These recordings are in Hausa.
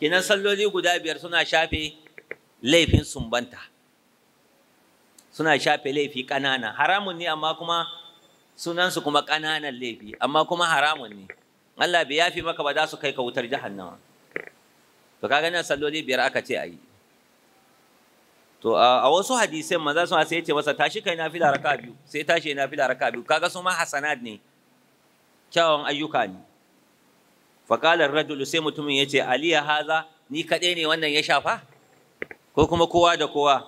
kenan salloli guda biyar suna shafe laifin sumbanta suna shafe laifi kanana haramun ne amma kuma sunansu kuma ƙananan laifi amma kuma haramun ne Allah bai yafi maka ba za su kai ka wutar jahannama to kaga nan salloli biyar aka ce ayi to a wasu hadisai maza sun sai ce masa tashi kai nafila raka biyu sai tashi nafila raka biyu kaga su ma hasanat ne kyawun ayyuka ne faƙala rajulu sai mutumin ya ce aliya haza ni kaɗai ne wannan ya shafa ko kuma kowa da kowa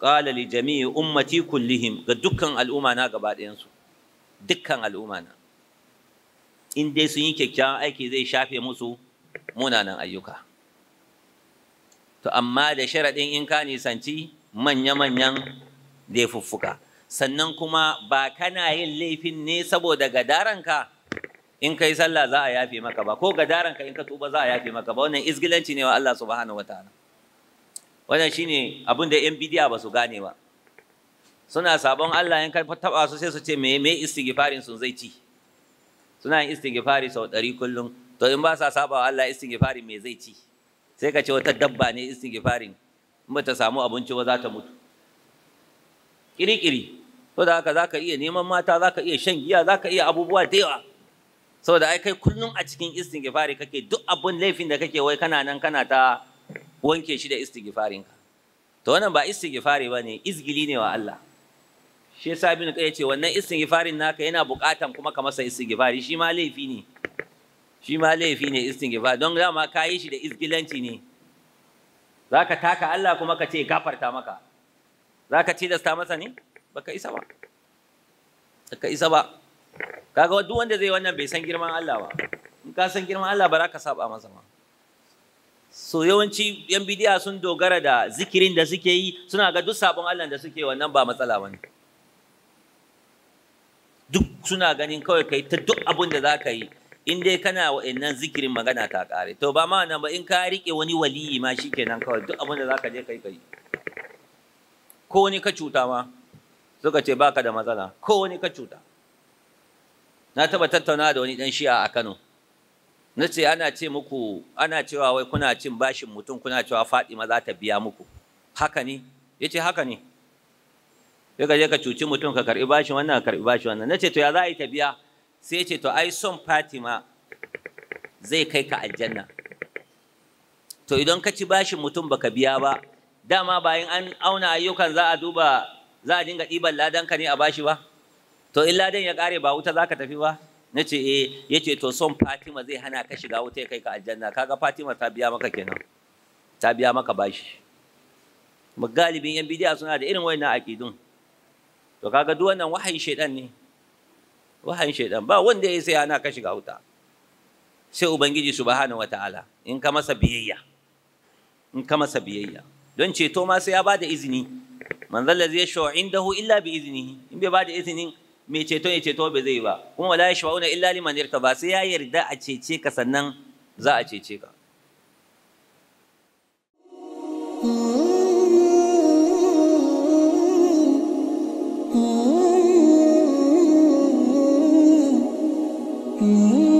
ƙala li jami'i ummati kullihim ga dukkan al'umma na gaba ɗayansu dukkan al'umma na in dai sun yi kyakkyawan aiki zai shafe musu munanan ayyuka to amma da sharaɗin in ka nisanci manya-manyan laifuffuka sannan kuma ba kana yin laifin ne saboda gadaranka in kai sallah za a yafe maka ba ko gadaranka in ka tuba za a yafe maka ba wannan izgilanci ne wa Allah subhanahu wataala wannan shine abin da yan bidiya ba su gane ba suna sabon Allah in ka taba su sai su ce me me istighfarin sun zai ci suna yin istighfari sau ɗari kullum to in ba sa saba wa Allah istighfarin me zai ci sai ka ce wata dabba ne istighfarin in ba ta samu abinci ba za ta mutu kiri-kiri to da haka za ka iya neman mata za ka iya shan giya za ka iya abubuwa da yawa saboda ai kai kullum a cikin istighfari kake duk abun laifin da kake wai kana nan kana ta wanke shi da istighfarin ka to wannan ba istighfari bane izgili ne wa Allah shi yasa bin kai yace wannan istighfarin naka yana buƙatan kuma ka masa istighfari shi ma laifi ne shi ma laifi ne istighfar don da ma kai shi da izgilanci ne za ka taka Allah kuma ka ce gafarta maka za ka tilasta masa ne baka isa ba baka isa ba kaga duk wanda zai wannan bai san girman Allah ba in ka san girman Allah ba za ka saba masa ma so yawanci yan bidiya sun dogara da zikirin da suke yi suna ga duk sabon Allah da suke wannan ba matsala bane duk suna ganin kawai kai ta duk abin da za ka yi in dai kana wa'annan zikirin magana ta kare to ba ma nan ba in ka rike wani waliyi ma shikenan kawai duk abin da za ka je kai kai ko wani ka cuta ma suka ce baka da matsala ko wani ka cuta na taɓa tattauna da wani ɗan shi'a a Kano na ce ana ce muku ana cewa wai kuna cin bashin mutum kuna cewa Fatima za ta biya muku haka ne ya ce haka ne sai ka je ka cuci mutum ka karɓi bashin wannan ka karɓi bashin wannan na ce to ya za a yi ta biya sai ya ce to ai son Fatima zai kai ka aljanna to idan ka ci bashin mutum baka biya ba dama bayan an auna ayyukan za a duba za a dinga ɗiban ladanka ne a bashi ba to in ladan ya kare ba wuta za ka tafi ba na ce eh ya ce to son fatima zai hana ka shiga wuta ya kai ka aljanna kaga fatima ta biya maka kenan ta biya maka bashi galibin yan bidiya suna da irin wannan aƙidun to kaga duk wannan wahayin shaidan ne wahayin shaidan ba wanda ya sai ana ka shiga wuta sai ubangiji subhanahu wataala in ka masa biyayya in ka masa biyayya don ceto ma sai ya bada izini man zalla zai indahu illa bi iznihi in bai bada izinin mai ceto ya ceto ba zai yi ba kuma wala ya yashfa'una illa liman ba sai ya yarda a cece ka sannan za a cece ka Mm-hmm. mm-hmm. mm-hmm. mm-hmm.